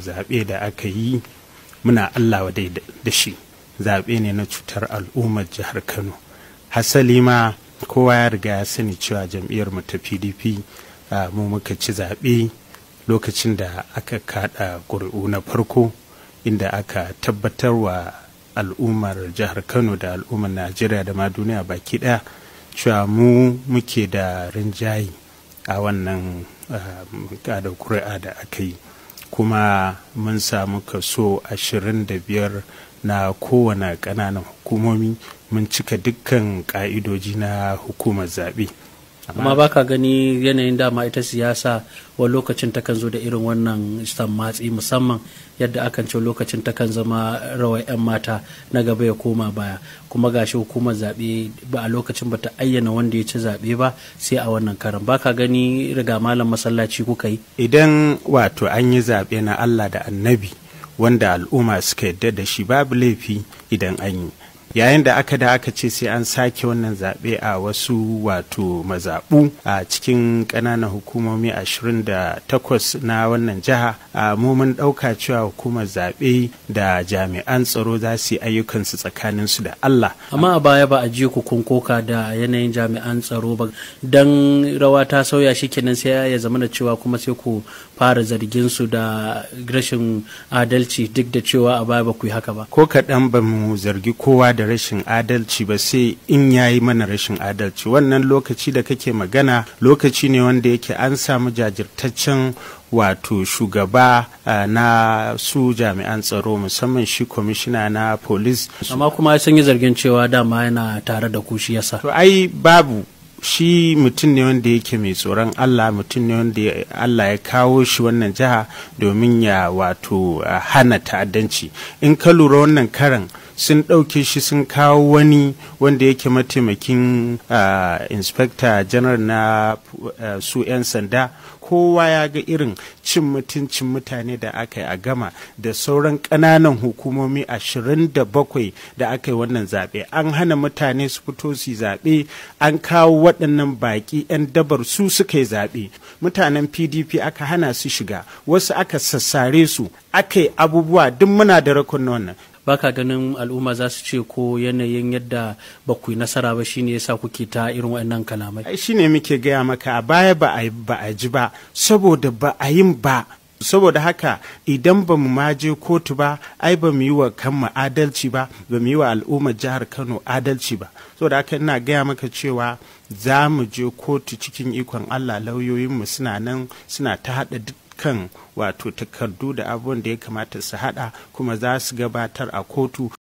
zaɓe da aka yi muna allah dai da shi zaɓe ne na cutar al'ummar jihar kano hasali ma kowa ya riga ya sani cewa jam'iyyar mu ta pdp mu muka ci zaɓe lokacin da aka kaɗa ƙuri'u na farko inda aka tabbatar wa al'ummar jihar kano da al'ummar najeriya da ma duniya baki ɗaya cewa mu muke da rinjaye a wannan ƙada ƙuri'a da aka yi kuma mun samu kaso 25 na kowane ƙananan hukumomi mun cika dukkan ƙa'idoji na hukumar zaɓe. amma ba ka gani yanayin dama ita siyasa wani lokacin ta kan zo da irin wannan matsi musamman yadda akan ce lokacin ta kan zama rawar 'yan mata na gaba ya koma baya kuma gashi hukumar zaɓe ba a lokacin bata ayyana wanda ya ci zaɓe ba sai a wannan karan ba ka gani riga malam masallaci kuka yi idan wato an yi zaɓe na allah da annabi wanda al'umma suka yadda da shi babu laifi idan an yi yayin da aka da aka ce sai an sake wannan zaɓe a wasu wato mazaɓu a cikin ƙananan hukumomi 28 na wannan jiha a mun ɗauka cewa hukumar zaɓe da jami'an tsaro za su yi ayyukansu tsakaninsu da Allah. Amma a baya ba a ji ku kun koka da yanayin jami'an tsaro ba dan rawa ta sauya shi kenan sai ya zama da cewa kuma sai ku fara zargin su da rashin adalci duk da cewa a baya ba ku yi haka ba. Ko kaɗan ba mu zargi kowa da rashin adalci ba sai in ya yi mana rashin adalci wannan lokaci da kake magana lokaci ne wanda yake an samu jajirtaccen wato shugaba uh, na su jami'an tsaro musamman shi kwamishina na polis amma kuma sun yi zargin cewa dama yana tare da kushi yasa to ai babu shi mutum ne wanda yake mai tsoron Allah mutum ne wanda Allah ya kawo shi wannan jiha domin ya wato hana ta'addanci in ka lura wannan karan sun ɗauke shi sun kawo wani wanda yake mataimakin inspector general na su 'yan sanda kowa ya ga irin cin mutuncin mutane da aka yi a gama da sauran ƙananan hukumomi 27 da aka yi wannan zaɓe an hana mutane su fito su zaɓe an kawo waɗannan baƙi 'yan dabar su suka yi zaɓe mutanen pdp aka hana su shiga wasu aka sassare su aka yi abubuwa duk muna da rakon wannan baka ganin al'umma za su ce ko yanayin yadda ba ku nasara ba shine yasa kuke ta irin wannan kalamai ai shine muke gaya maka a baya ba a ba a ji ba saboda ba a yin ba saboda haka idan ba mu maje kotu ba ai ba mu yi wa kanmu adalci ba ba mu yi wa al'ummar jihar kano adalci ba saboda haka ina gaya maka cewa za mu je kotu cikin ikon allah lauyoyinmu suna nan suna ta haɗa duk kan wato takardu da abubuwan da ya kamata su hada kuma za su gabatar a kotu